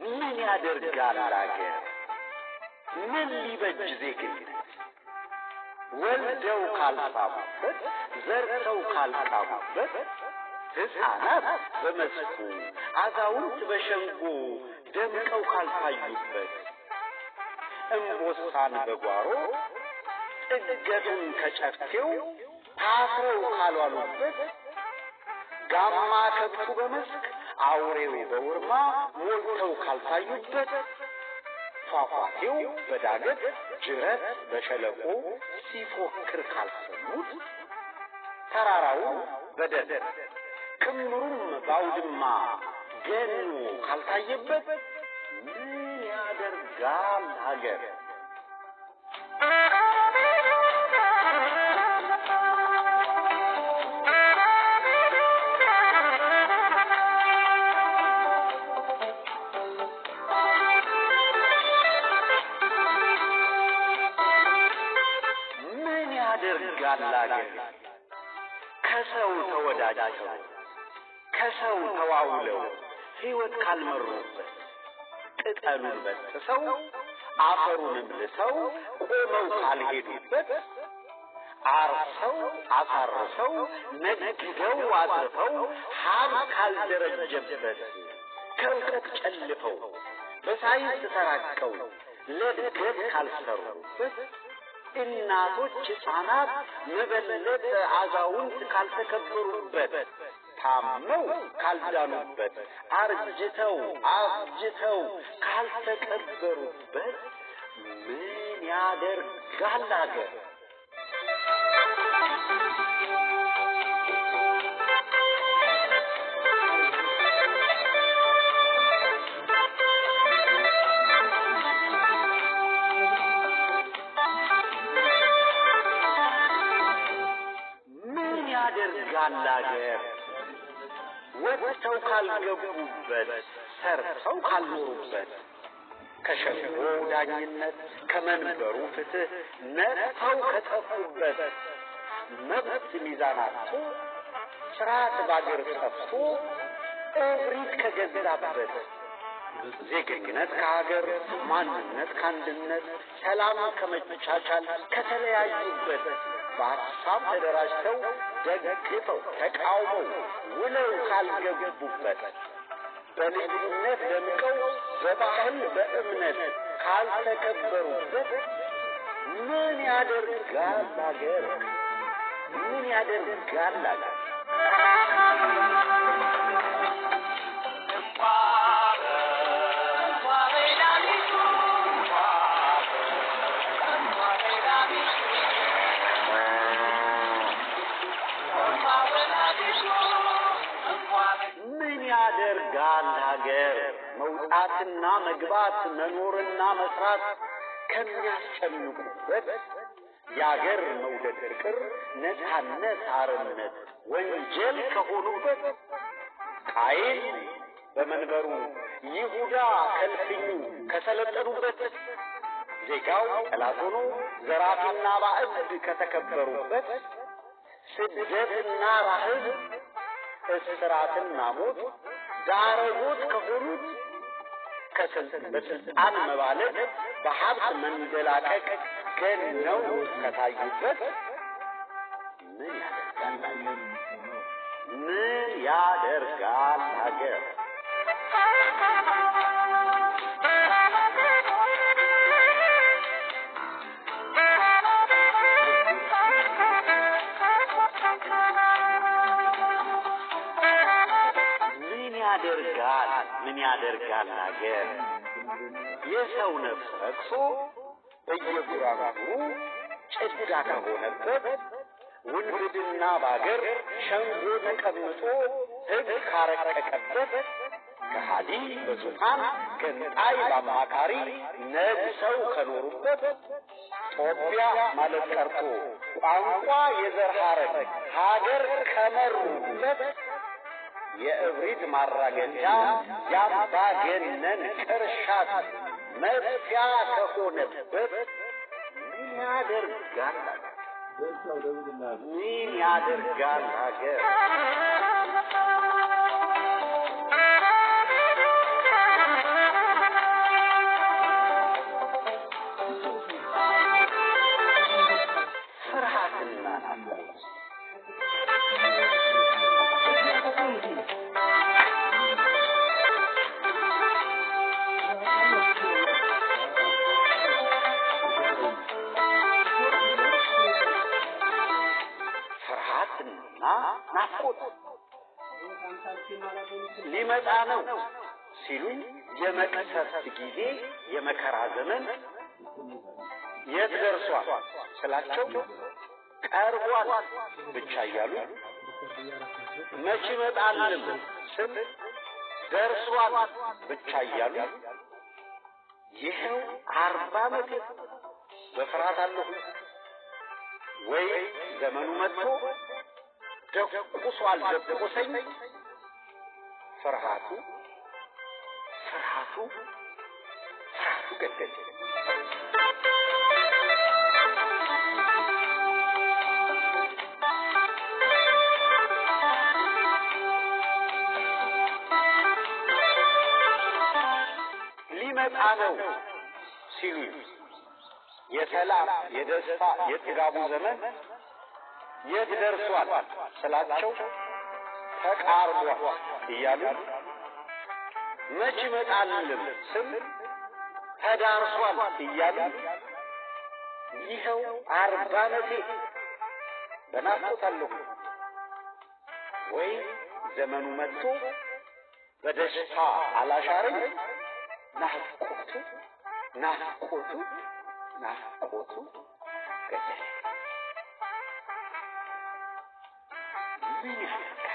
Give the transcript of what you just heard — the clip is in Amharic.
ምን ያደርጋል አገር ምን ሊበጅ ዜግነት ወልደው ካልሳሙበት ዘርተው ካልቃሙበት ሕፃናት በመስኩ አዛውንት በሸንጎ ደምቀው ካልታዩበት እምቦሳን በጓሮ ጥጀትን ከጨፍቴው ታስረው ካሏሉበት ጋማ ከብቱ በመስክ አውሬው በውርማ ሞልተው ካልታዩበት ፏፏቴው በዳገት ጅረት በሸለቆ ሲፎክር ካልሰሙት ተራራው በደን ክምሩም በአውድማ ገኑ ካልታየበት ምን ያደርጋል ሀገር ምን ያደርጋል ሀገር ከሰው ተወዳጅተው ከሰው ተዋውለው ሕይወት ካልመሩበት ቅጠሉን በጥሰው አፈሩንም ልሰው ቆመው ካልሄዱበት አርሰው አሳርሰው ነግደው አጥርተው ሀብ ካልደረጀበት ከእውቀት ጨልፈው በሳይንስ ተራቀው ለእድገት ካልሰሩበት እናቶች ሕፃናት መበለጥ አዛውንት ካልተከበሩበት ታመው ካልዳኑበት አርጅተው አብጅተው ካልተቀበሩበት ምን ያደርጋል አገር? ምን ያደርጋል አገር? ወጥተው ካልገቡበት ሰርተው ካልኖሩበት ከሸንጎ ዳኝነት ከመንበሩ ፍትህ ነጥተው ከጠፉበት መብት ሚዛናቶ ስርዓት ባገር ጠፍቶ እብሪት ከገዛበት ዜግነት ከሀገር ማንነት ከአንድነት ሰላም ከመቻቻል ከተለያዩበት በሀሳብ ተደራጅተው ደግፈው ተቃውመው ውለው ካልገቡበት በልዩነት ደምቀው በባህል በእምነት ካልተከበሩበት ምን ያደርጋል አገር? ምን ያደርጋል አገር? ጋ ሀገር መውጣትና መግባት መኖርና መስራት ከሚያስጨንቁበት የአገር መውደድ ፍቅር፣ ነፃነት፣ አርነት ወንጀል ከሆኑበት ቃይል በመንበሩ ይሁዳ ከልፍኙ ከሰለጠኑበት ዜጋው ጠላት ሆኖ ዘራፊና ባዕድ ከተከበሩበት ስደትና ራህብ እስራትና ሞት ዛረጉት ከሆኑት በስልጣን መባለት በሀብት መንደላቀቅ ገን ነው ከታዩበት ምን ያደርጋል? ምን ያደርጋል ሀገር ምን ያደርጋል አገር የሰው ነፍስ ረክሶ በየጉራጉሩ ጭዳ ከሆነበት ውንብድና ባገር ሸንጎ ተቀምጦ ህግ ካረቀቀበት ከሃዲ በዙፋን ገንጣይ በአማካሪ ነግሰው ከኖሩበት ጦቢያ ማለት ቀርቶ ቋንቋ የዘር ሀረግ ሀገር ከመሩበት የእብሪት ማራገጫ ያምባገነን ቅርሻት መፍያ ከሆነበት ምን ያደርጋል? ምን ያደርጋል ሀገር ሊመጣ ነው ሲሉኝ የመቅሰፍት ጊዜ የመከራ ዘመን የት ደርሷል ስላቸው ቀርቧል ብቻ እያሉ መች ይመጣልም ስል ደርሷል ብቻ እያሉ ይኸው አርባ ዓመት በፍርሃት አለሁ። ወይ ዘመኑ መጥቶ ደቁሷል ደቁሰኝ ፍርሃቱ ፍርሃቱ ፍርሃቱ ገደለ። ሊመጣ ነው ሲሉ የሰላም የደስታ የጥጋቡ ዘመን የት ደርሷል ስላቸው ተቃርቧል እያሉ መች ይመጣልም ስም ተዳርሷል እያሉ ይኸው አርባ ዓመቴ በናፍቆታለሁ ወይ ዘመኑ መጥቶ በደስታ አላሻረኝ ናፍቆቱ ናፍቆቱ ናፍቆቱ ገደለ ምን ያደርጋል?